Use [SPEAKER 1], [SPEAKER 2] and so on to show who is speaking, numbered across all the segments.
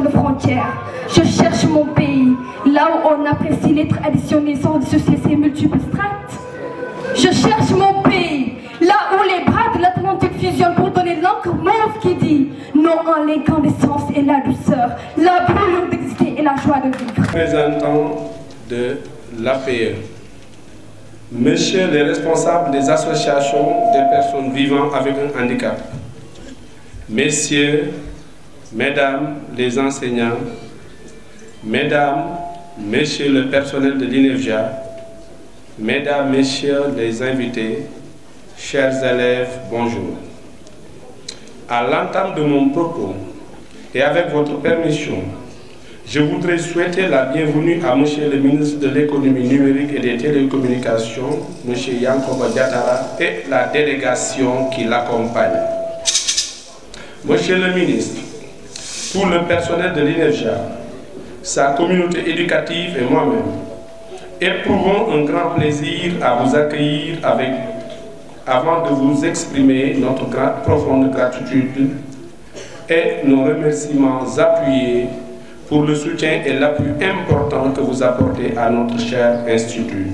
[SPEAKER 1] de Je cherche mon pays, là où on apprécie les traditionnels sans dissocier ses multiples strates. Je cherche mon pays, là où les bras de l'Atlantique fusionnent pour donner l'encre mauve non en l'incandescence et la douceur, la brûlure d'exister et la joie
[SPEAKER 2] de vivre. E. Monsieur le responsable des associations des personnes vivant avec un handicap, Messieurs Mesdames les enseignants, Mesdames, Messieurs le personnel de l'INEFJA, Mesdames, Messieurs les invités, chers élèves, bonjour. À l'entame de mon propos et avec votre permission, je voudrais souhaiter la bienvenue à Monsieur le ministre de l'économie numérique et des télécommunications, Monsieur Yankoba Diatara, et la délégation qui l'accompagne. Monsieur le ministre, tout le personnel de l'INEFJA, sa communauté éducative et moi-même, éprouvons un grand plaisir à vous accueillir avant de vous exprimer notre profonde gratitude et nos remerciements appuyés pour le soutien et l'appui important que vous apportez à notre cher institut.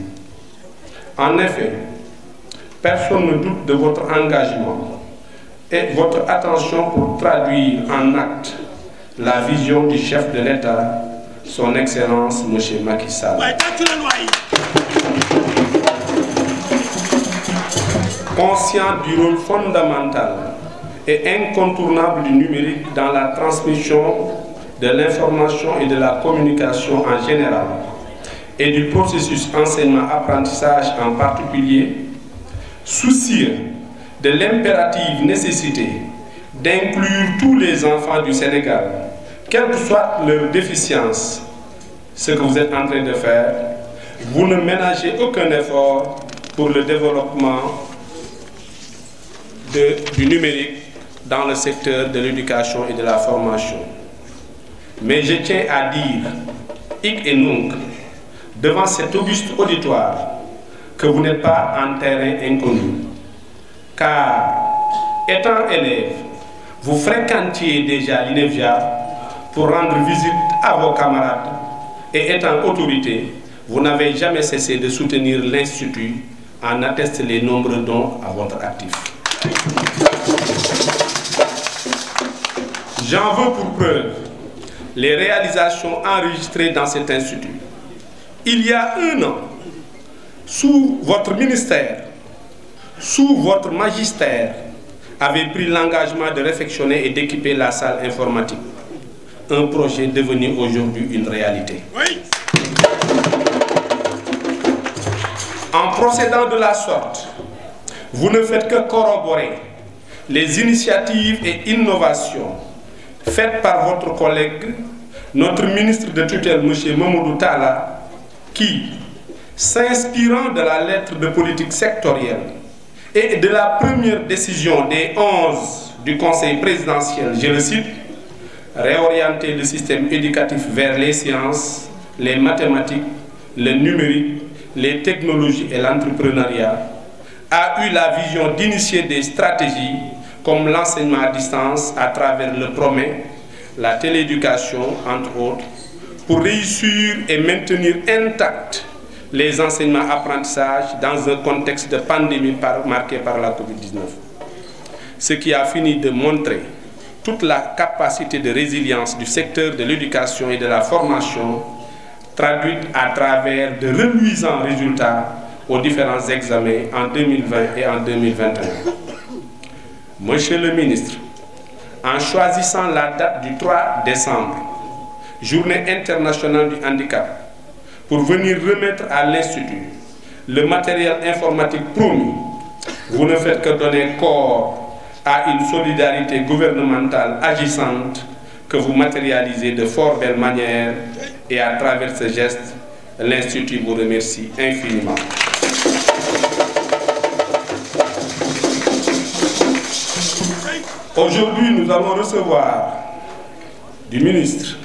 [SPEAKER 2] En effet, personne ne doute de votre engagement et votre attention pour traduire en actes la vision du chef de l'État, son Excellence M. Macky Sall. Conscient du rôle fondamental et incontournable du numérique dans la transmission de l'information et de la communication en général et du processus enseignement-apprentissage en particulier, soucieux de l'impérative nécessité d'inclure tous les enfants du Sénégal quelle que soit leur déficience, ce que vous êtes en train de faire, vous ne ménagez aucun effort pour le développement de, du numérique dans le secteur de l'éducation et de la formation. Mais je tiens à dire, hic et nunc, devant cet auguste auditoire, que vous n'êtes pas en terrain inconnu. Car, étant élève, vous fréquentiez déjà pour rendre visite à vos camarades et étant autorité, vous n'avez jamais cessé de soutenir l'Institut, en attestent les nombreux dons à votre actif. J'en veux pour preuve les réalisations enregistrées dans cet institut. Il y a un an, sous votre ministère, sous votre magistère, avait pris l'engagement de réfectionner et d'équiper la salle informatique. un projet devenu aujourd'hui une réalité. Oui. En procédant de la sorte, vous ne faites que corroborer les initiatives et innovations faites par votre collègue, notre ministre de tutelle, monsieur Mamoudou Tala, qui, s'inspirant de la lettre de politique sectorielle et de la première décision des 11 du Conseil présidentiel, je le cite, réorienter le système éducatif vers les sciences, les mathématiques, les numérique, les technologies et l'entrepreneuriat, a eu la vision d'initier des stratégies comme l'enseignement à distance à travers le promet, la télééducation, entre autres, pour réussir et maintenir intacts les enseignements apprentissages dans un contexte de pandémie par, marqué par la covid Ce qui a fini de montrer toute la capacité de résilience du secteur de l'éducation et de la formation traduite à travers de reluisants résultats aux différents examens en 2020 et en 2021. Monsieur le ministre, en choisissant la date du 3 décembre, journée internationale du handicap, pour venir remettre à l'Institut le matériel informatique promis, vous ne faites que donner corps à une solidarité gouvernementale agissante que vous matérialisez de fort belle manière et à travers ce geste, l'Institut vous remercie infiniment. Aujourd'hui, nous allons recevoir du ministre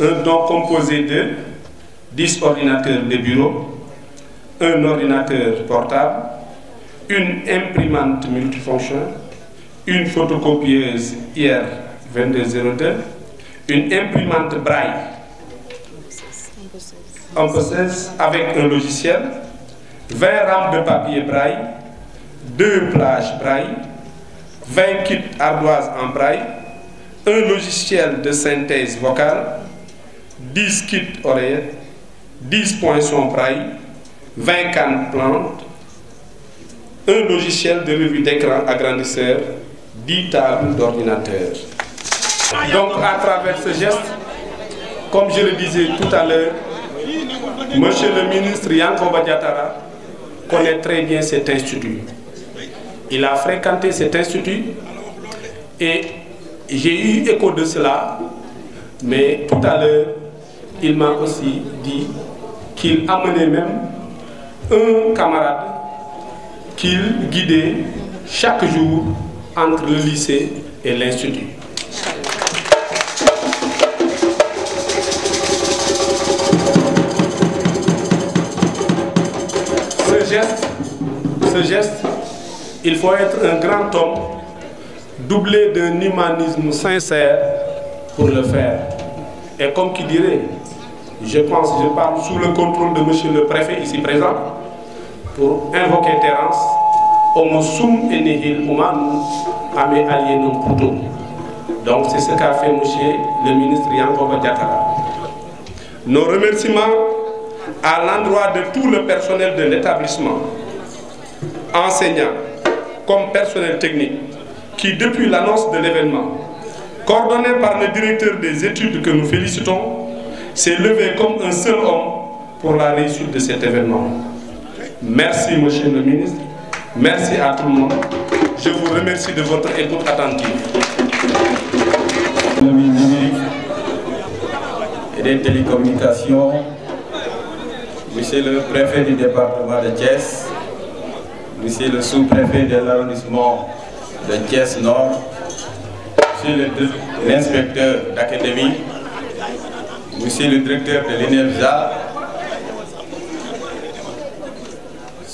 [SPEAKER 2] un don composé de 10 ordinateurs de bureau, un ordinateur portable, une imprimante multifonction, une photocopieuse IR2202, une imprimante braille, on possède avec un logiciel, 20 rames de papier braille, 2 plages braille, 20 kits ardoises en braille, un logiciel de synthèse vocale, 10 kits oreillettes, 10 poinçons braille, 20 cannes plantes, un logiciel de revue d'écran agrandisseur, 10 tables d'ordinateur. Donc à travers ce geste, comme je le disais tout à l'heure, Monsieur le ministre Yankoba connaît très bien cet institut. Il a fréquenté cet institut et j'ai eu écho de cela, mais tout à l'heure, il m'a aussi dit qu'il amenait même un camarade qu'il guidait chaque jour entre le lycée et l'institut. Ce geste, ce geste, il faut être un grand homme, doublé d'un humanisme sincère pour le faire. Et comme qui dirait, je pense, je parle sous le contrôle de monsieur le préfet ici présent, pour invoquer Terence homo sum et nihil humanum ame alienum putum donc c'est ce qu'a fait monsieur le ministre Yankoba Diatara nos remerciements à l'endroit de tout le personnel de l'établissement enseignants comme personnel technique qui depuis l'annonce de l'événement coordonné par le directeur des études que nous félicitons s'est levé comme un seul homme pour la réussite de cet événement Merci, monsieur le ministre. Merci Je vous remercie de votre écoute attentive.
[SPEAKER 1] Le ministre monsieur le préfet du département de Thiès, monsieur le sous-préfet de l'arrondissement de Thiès Nord, monsieur l'inspecteur d'académie, monsieur le directeur de l'INEFJA,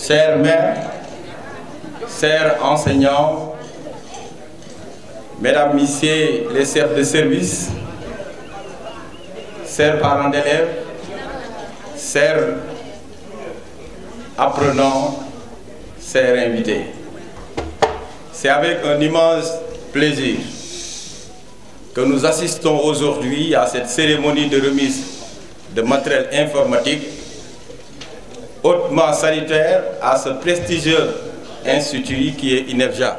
[SPEAKER 1] chers maires, chers enseignants, mesdames, messieurs les chefs de service, chers parents d'élèves, chers apprenants, chers invités. C'est avec un immense plaisir que nous assistons aujourd'hui à cette cérémonie de remise de matériel informatique hautement salutaire à ce prestigieux institut qui est INEFJA.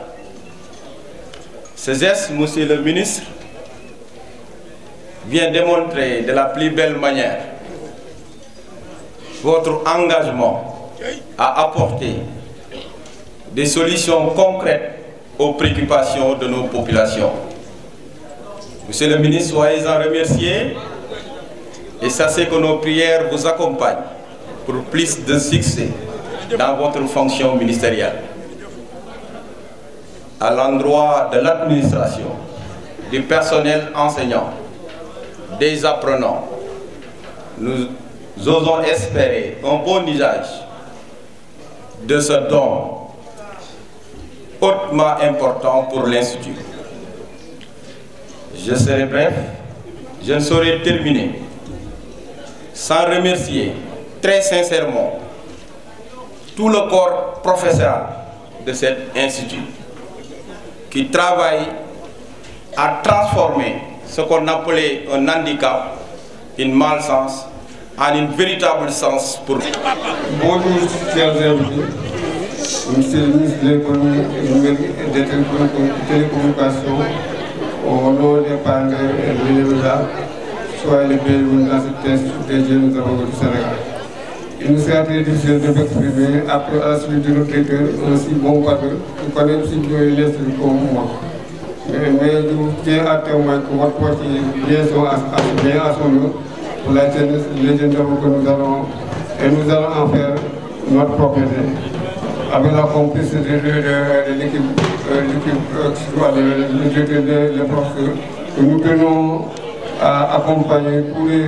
[SPEAKER 1] Ce geste, monsieur le ministre, vient démontrer de la plus belle manière votre engagement à apporter des solutions concrètes aux préoccupations de nos populations. Monsieur le ministre, soyez en remercié et sachez que nos prières vous accompagnent pour plus de succès dans votre fonction ministérielle. À l'endroit de l'administration, du personnel enseignant, des apprenants, nous osons espérer un bon usage de ce don hautement important pour l'Institut. Je serai bref, je ne saurais terminer sans remercier très sincèrement tout le corps professoral de cet institut qui travaille à transformer ce qu'on un handicap, une malchance, en une véritable sens pour Bonjour, chers invités. Monsieur le de l'économie et des télécommunications, au et des médias, soyez les bienvenus dans cette test des jeunes avocats
[SPEAKER 2] du Une certaine difficile de m'exprimer après à la suite de recruteur, aussi bon cadre, qui connaît si Dieu laisse comme moi. Mais, mais je tiens à témoin que votre parti bien son, bien à son nom pour la jeunesse légendaire que nous allons et nous allons en faire notre propriété. Avec la complicité de, de, de l'équipe, euh, l'équipe, euh, le, le, le, le professeur, que nous tenons à accompagner pour les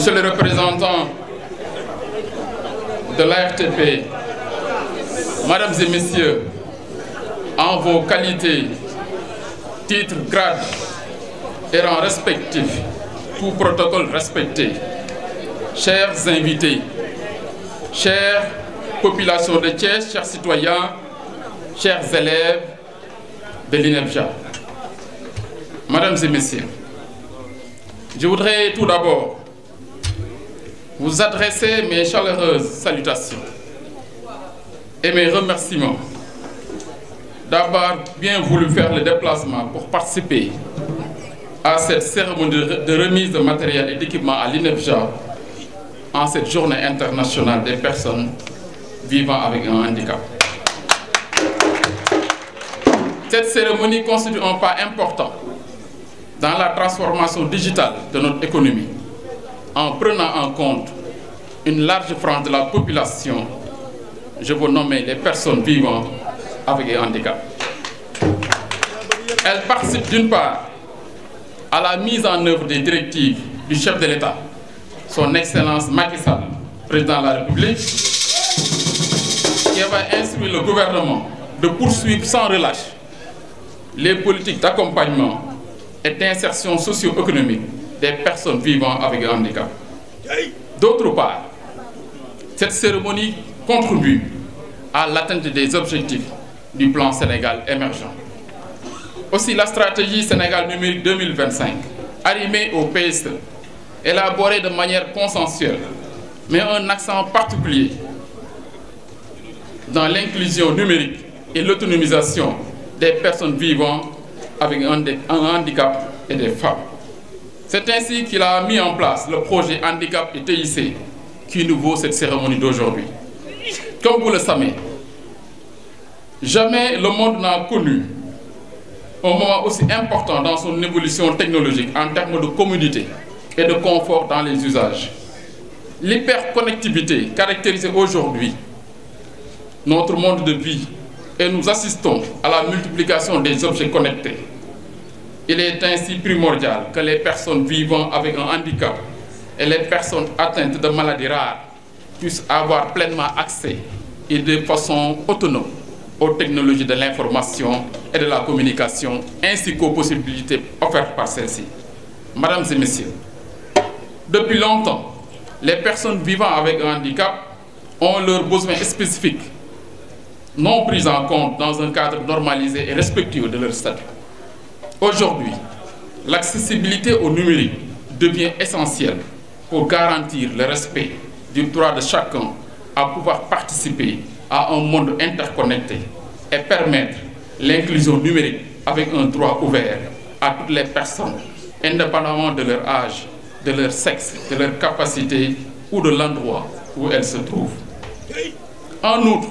[SPEAKER 3] Monsieur le représentant de l'ARTP, Mesdames et Messieurs, en vos qualités, titres, grades et rangs respectifs, tout protocole respecté, chers invités, chères populations de Thiès, chers citoyens, chers élèves de l'INEFJA, Mesdames et Messieurs, je voudrais tout d'abord vous adresser mes chaleureuses salutations et mes remerciements d'avoir bien voulu faire le déplacement pour participer à cette cérémonie de remise de matériel et d'équipement à l'INEFJA en cette journée internationale des personnes vivant avec un handicap. Cette cérémonie constitue un pas important dans la transformation digitale de notre économie en prenant en compte une large frange de la population, je veux nommer les personnes vivant avec un handicap. Elle participe d'une part à la mise en œuvre des directives du chef de l'État, son Excellence Macky Sall, président la République, qui va instruire le gouvernement de poursuivre sans relâche les politiques d'accompagnement et d'insertion socio-économique des personnes vivant avec un handicap. D'autre part, cette cérémonie contribue à l'atteinte des objectifs du plan Sénégal émergent. Aussi, la stratégie Sénégal numérique 2025, arrimée au PSE, élaborée de manière consensuelle, mais un accent particulier dans l'inclusion numérique et l'autonomisation des personnes vivant avec un handicap et des femmes. C'est ainsi qu'il a mis en place le projet Handicap et TIC qui nous vaut cette cérémonie d'aujourd'hui. Comme vous le savez, jamais le monde n'a connu un moment aussi important dans son évolution technologique en termes de communauté et de confort dans les usages. L'hyperconnectivité caractérise aujourd'hui notre monde de vie et nous assistons à la multiplication des objets connectés Il est ainsi primordial que les personnes vivant avec un handicap et les personnes atteintes de maladies rares puissent avoir pleinement accès et de façon autonome aux technologies de l'information et de la communication, ainsi qu'aux possibilités offertes par celles-ci. Mesdames et Messieurs, depuis longtemps, les personnes vivant avec un handicap ont leurs besoins spécifiques, non pris en compte dans un cadre normalisé et respectueux de leur statut. Aujourd'hui, l'accessibilité au numérique devient essentielle pour garantir le respect du droit de chacun à pouvoir participer à un monde interconnecté et permettre l'inclusion numérique avec un droit ouvert à toutes les personnes, indépendamment de leur âge, de leur sexe, de leur capacité ou de l'endroit où elles se trouvent. En outre,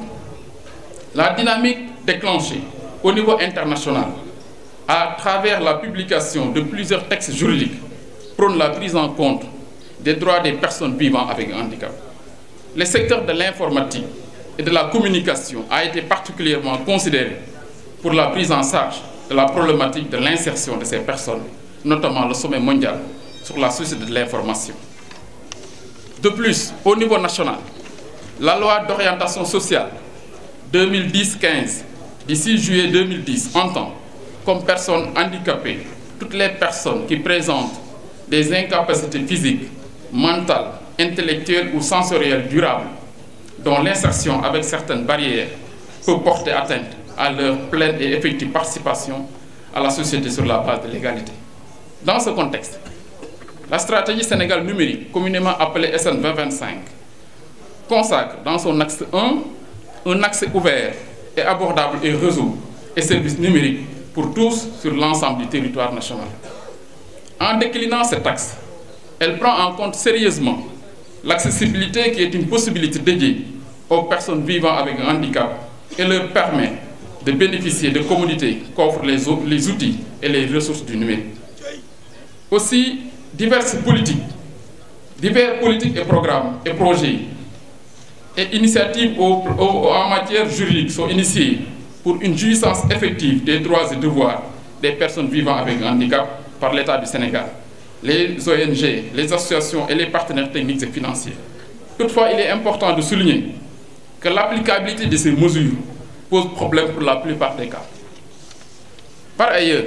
[SPEAKER 3] la dynamique déclenchée au niveau international à travers la publication de plusieurs textes juridiques, prône la prise en compte des droits des personnes vivant avec un handicap. Le secteur de l'informatique et de la communication a été particulièrement considéré pour la prise en charge de la problématique de l'insertion de ces personnes, notamment le sommet mondial sur la société de l'information. De plus, au niveau national, la loi d'orientation sociale 2010-15 du 6 juillet en entend comme personnes handicapées toutes les personnes qui présentent des incapacités physiques, mentales, intellectuelles ou sensorielles durables, dont l'insertion avec certaines barrières peut porter atteinte à leur pleine et effective participation à la société sur la base de l'égalité. Dans ce contexte, la stratégie Sénégal numérique, communément appelée SN 2025, dans son axe 1 un accès ouvert et abordable et réseau et services numériques pour tous sur l'ensemble du territoire national. En déclinant cet axe, elle prend en compte sérieusement l'accessibilité qui est une possibilité dédiée aux personnes vivant avec un handicap et leur permet de bénéficier de commodités qu'offrent les, les outils et les ressources du numérique. Aussi, diverses politiques, divers politiques et programmes et projets et initiatives au, au, en matière juridique sont initiées pour une jouissance effective des droits et devoirs des personnes vivant avec un handicap par l'État du Sénégal, les ONG, les associations et les partenaires techniques et financiers. Toutefois, il est important de souligner que l'applicabilité de ces mesures pose problème pour la plupart des cas. Par ailleurs,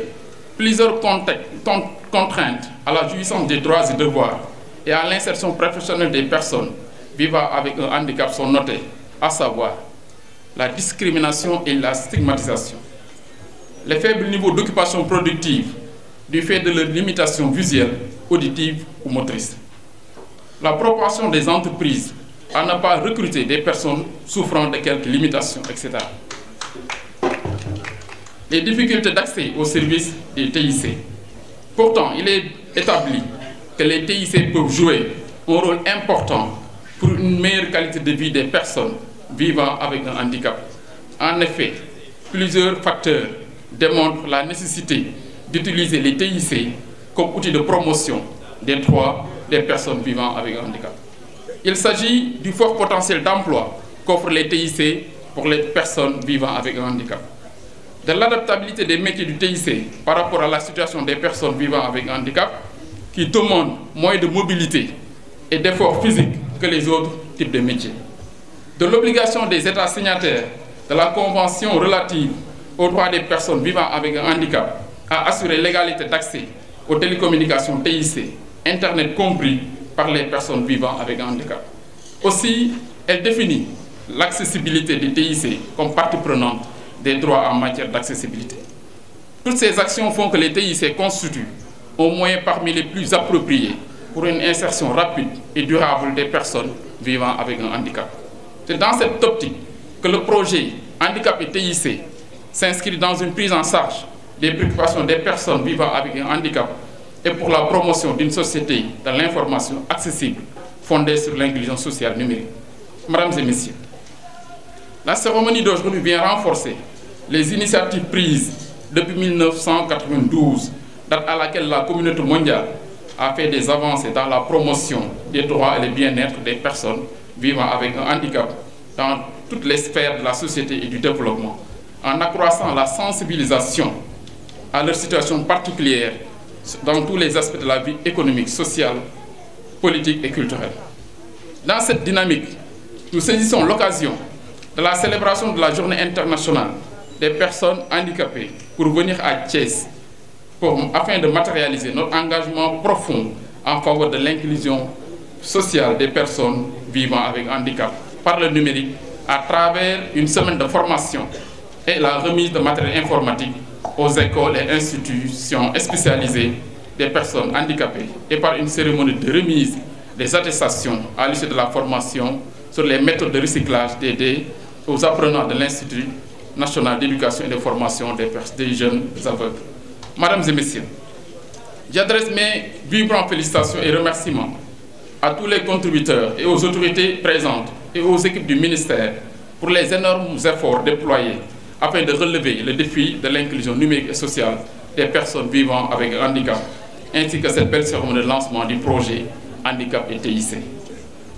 [SPEAKER 3] plusieurs contraintes à la jouissance des droits et devoirs et à l'insertion professionnelle des personnes vivant avec un handicap sont notées, à savoir la discrimination et la stigmatisation. Le faible niveau d'occupation productive du fait de leur limitation visuelle, auditive ou motrice. La proportion des entreprises à ne pas recruter des personnes souffrant de quelques limitations, etc. Les difficultés d'accès au service des TIC. Pourtant, il est établi que les TIC peuvent jouer un rôle important pour une meilleure qualité de vie des personnes vivant avec un handicap. En effet, plusieurs facteurs démontrent la nécessité d'utiliser les TIC comme outil de promotion des trois des personnes vivant avec un handicap. Il s'agit du fort potentiel d'emploi qu'offrent les TIC pour les personnes vivant avec un handicap, de l'adaptabilité des métiers du TIC par rapport à la situation des personnes vivant avec un handicap qui demandent moins de mobilité et d'efforts physiques que les autres types de métiers. de l'obligation des États signataires de la Convention relative aux droits des personnes vivant avec un handicap à assurer l'égalité d'accès aux télécommunications TIC, Internet compris, par les personnes vivant avec un handicap. Aussi, elle définit l'accessibilité des TIC comme partie prenante des droits en matière d'accessibilité. Toutes ces actions font que les TIC constituent un moyen parmi les plus appropriés pour une insertion rapide et durable des personnes vivant avec un handicap. C'est dans cette optique que le projet Handicap et TIC s'inscrit dans une prise en charge des préoccupations des personnes vivant avec un handicap et pour la promotion d'une société de l'information accessible fondée sur l'inclusion sociale numérique. Mesdames et messieurs, la cérémonie d'aujourd'hui vient renforcer les initiatives prises depuis 1992, date à laquelle la communauté mondiale a fait des avancées dans la promotion des droits et le bien-être des personnes vivant avec un handicap dans toutes les sphères de la société et du développement, en accroissant la sensibilisation à leur situation particulière dans tous les aspects de la vie économique, sociale, politique et culturelle. Dans cette dynamique, nous saisissons l'occasion de la célébration de la Journée internationale des personnes handicapées pour venir à Thiès afin de matérialiser notre engagement profond en faveur de l'inclusion sociale des personnes vivant avec handicap par le numérique à travers une semaine de formation et la remise de matériel informatique aux écoles et institutions spécialisées des personnes handicapées et par une cérémonie de remise des attestations à l'issue de la formation sur les méthodes de recyclage des dés aux apprenants de l'Institut national d'éducation et de formation des, des jeunes aveugles. Mesdames et Messieurs, j'adresse mes vibrants félicitations et remerciements à tous les contributeurs et aux autorités présentes et aux équipes du ministère pour les énormes efforts déployés afin de relever le défi de l'inclusion numérique et sociale des personnes vivant avec un handicap, ainsi que cette belle cérémonie de lancement du projet Handicap et TIC.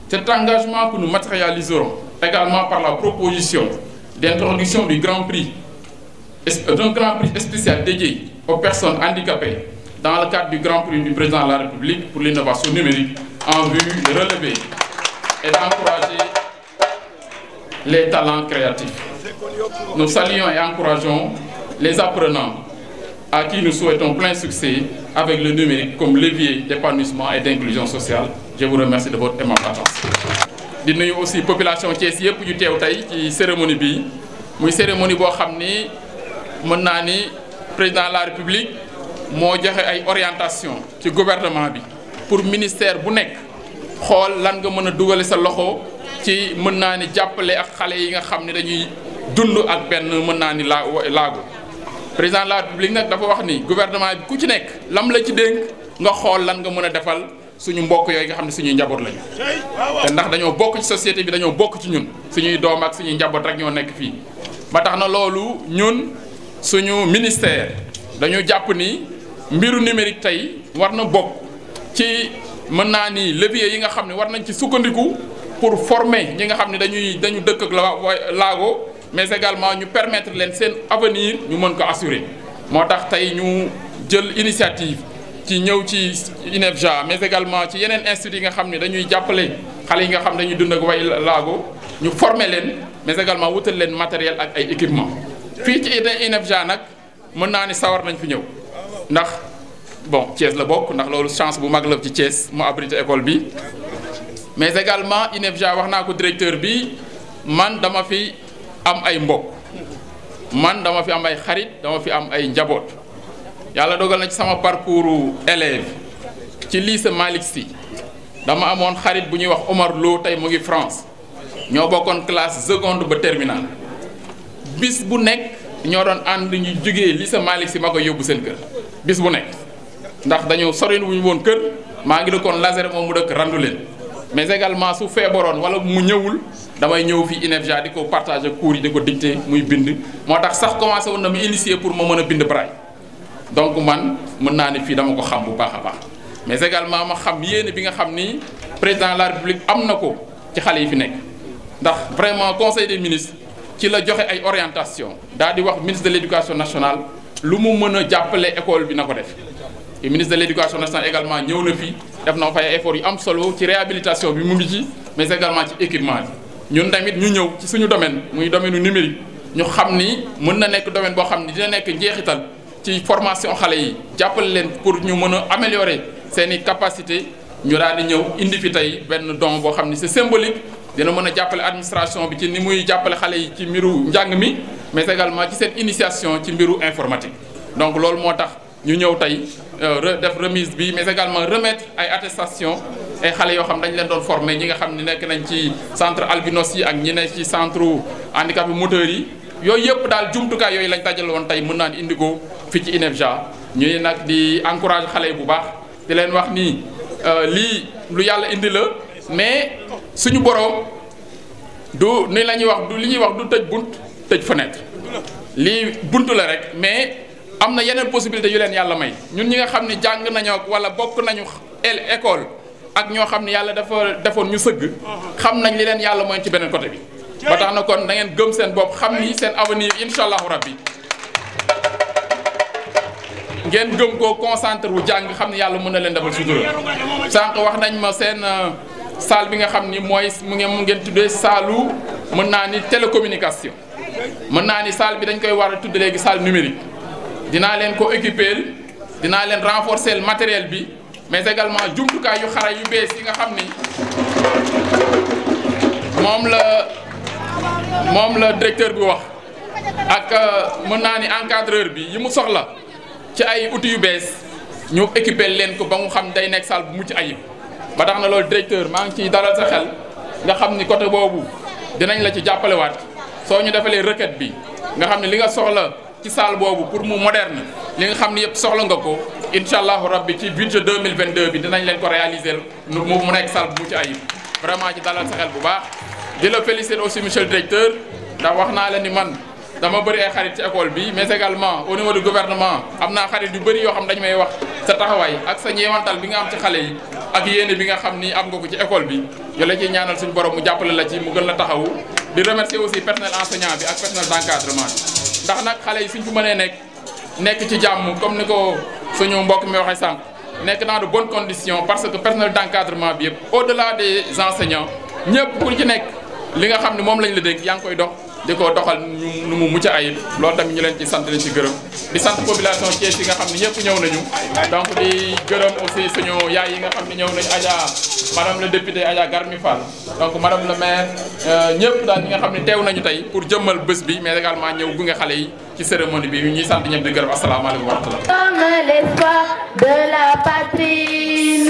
[SPEAKER 3] Cet engagement que nous matérialiserons également par la proposition d'introduction du Grand Prix, d'un Grand Prix spécial dédié aux personnes handicapées dans le cadre du Grand Prix du en vue de relever et d'encourager les talents créatifs. Nous saluons et encourageons les apprenants à qui nous souhaitons plein succès avec le numérique comme levier d'épanouissement et d'inclusion sociale. Je vous remercie de votre aimable attention. di nuyu aussi population Thiès yëpp ñu teew tey ci cérémonie bi muy cérémonie boo xam ni mën naa ni président de la République moo joxe ay orientation ci gouvernement bi pour ministère bu nekk xool lan nga mën a dugale sa loxo ci mën naa ni jàppale ak xale yi nga xam ne dañuy dund ak benn mën naa ni laa laagu président de la république nag dafa wax ni gouvernement bi ku ci nekk lam la ci dénk nga xool lan nga mën a defal suñu mbokk yooyu nga xam ne suñuy njaboot lañu te ndax dañoo bokk ci société bi dañoo bokk ci ñun suñuy doom ak suñuy njaboot rek ñoo nekk fii ba tax na loolu ñun suñu ministère dañu jàpp ni mbiru numérique tey war na bokk ci mën naa ni levier yi nga xam ne war nañ ci sukkandiku pour former ñi nga xam ne dañuy dañu dëkk ak la laago mais également ñu permettre leen seen avenir ñu mën ko assurer moo tax tey ñu jël initiative ci ñëw ci INEFJA mais également ci yeneen institut yi nga xam ni dañuy jàppale xale yi nga xam dañuy dund ak way laago ñu former leen mais également wutal leen matériel ak ay équipement fii ci INEFJA nag mën naa ni sawar nañ fi ñëw ndax bon Thiès la bokk ndax loolu chance bu mag la ci Thiès mu abrité école bi mais également INEFJA wax naa ko directeur bi man dama fi am ay mbokk man dama fi am ay xarit dama fi am ay njaboot yàlla dogal na ci sama parcours élève ci lycée Malick Sy dama amoon xarit bu ñuy wax Omar Lo tey mu ngi France ñoo bokkoon classe seconde ba terminale bis bu nekk ñoo doon ànd ñu jugee lycée Malick si ma ko yóbbu seen kër bis bu nekk. ndax dañoo sori wuñu woon kër maa ngi dëkkoon Lazare moom mu dëkk randu leen mais également su feebaroon wala mu ñëwul damay ñëw fi INEFJA di ko partager cours yi di ko dicter muy bind moo tax sax commencé woon na mu pour ma mën a bind braille donc man mën naa ne fii dama ko xam bu baax a baax mais également ma xam yéene bi nga xam ni président la république am na ko ci xale yi fi nekk ndax vraiment conseil des ministres ci la joxe ay orientation daal di wax ministre de l' éducation nationale lu mu mën a jàppale école bi na ko def et ministre de l'éducation nationale également ñëw na fi def na fay effort yu am solo ci réhabilitation bi mu ngi ci mais également ci équipement bi ñun tamit ñu ñëw ci suñu domaine muy domaine numérique ñu xam ni mën na nekk domaine boo xam ni dina nekk njeexital ci formation xale yi jàppale leen pour ñu mën a améliorer seeni capacité ñu daal di ñëw indi fi tey benn don boo xam ni c'est symbolique dina mën a jàppale administration bi ci ni muy jàppale xale yi ci mbiru njàng mi mais également ci seen ci mbiru informatique ñu ñëw tey euh, def remise bi mais également remettre ay attestation ay xale yoo xam dañ leen doon former ñi nga xam ne nekk nañ ci centre albinos yi ak ñi ne ci centre handicapé moteur yi yooyu yëpp daal jumtukaay yooyu lañ dajal woon tey mën naan indi ko fii ci INEFJA ne nag di encourage xale yi bu baax di leen wax nii euh, lii lu yàlla indi la mais suñu boroom du ni la ñuy wax du li ñuy wax du tëj bunt tëj fenêtre lii bunt la rek mais am na yeneen possibilité yu leen yàlla may ñun ñi nga xam ne jàng nañoo wala bokk nañu école ak ñoo xam ne yàlla dafa defoon ñu sëgg xam nañ li leen yàlla mooy ci beneen côté bi ba na kon da ngeen gëm seen bopp xam ni seen avenir incha allahu rabbi ngeen gëm koo wu jàng xam ne yàlla mën na leen defal sutura sànq wax nañ ma seen euh, salle bi nga xam ni mooy mu ngeen mu ngeen tuddee saalu mën naa ni télécommunication mën naa ni salle bi dañ koy war a tudd léegi salle numérique dinaa leen ko équiper dinaa leen renforcer matériel bi mais également jumtukaay yu xara yu bees yi nga xam ni moom la moom la directeur bi wax ak euh, mën naa ni encadreur bi yi mu soxla ci ay outils yu bees ñu équiper leen ko ba mu xam day nekk salle bu mucc ayib ba tax na loolu directeur maa ngi ciy dalal sa xel nga xam ni côté boobu dinañ la ci jàppalewaat soo ñu defalee requête bi nga xam ne li nga soxla. ci salle boobu pour mu moderne li nga xam ni yëpp soxla nga ko incha allahu bi ci budget 2022 bi dinañ leen ko réaliser mu mu nekk salle bu ci ayib vraiment ci dalal sa xel bu baax di la féliciter aussi monsieur le directeur ndax wax naa la ni man dama bëri ay xarit ci école bi mais également au niveau du gouvernement am naa xarit yu bëri yoo xam dañ may wax sa taxawaay ak sa ñeewantal bi nga am ci xale yi ak yéene bi nga xam ni am nga ko ci école bi yoo la ciy borom mu jàppale la ci mu gën la taxawu di remercier aussi personnel enseignant bi ak personnel d'encadrement bi ndax nag xale yi suñ fi mënee nekk nekk ci jàmm comme ni ko suñu mbokk mi waxee sànq nekk dans de bonnes conditions parce que personnel d'encadrement bi yëpp au-delà des enseignants ñëpp ku ci nekk li nga xam ne moom lañ la dégg yaa ngi koy dox. di ko doxal nu mu mucc ayib loolu tamit ñu leen ci sant leen ci gërëm di sant population Thiès yi nga xam ne ñëpp ñëw nañu donc di gërëm aussi suñu yaay yi nga xam ne ñëw nañu Adja madame le député Adja Garmi Fall donc madame le maire euh, ñëpp daal ñi nga xam ne teew nañu tey pour jëmmal bés bi mais également ñëw gunge xale yi ci cérémonie bi ñuy sant ñëpp di gërëm asalaamaaleykum wa rahmatulah. Nous
[SPEAKER 2] sommes l'espoir de la patrie,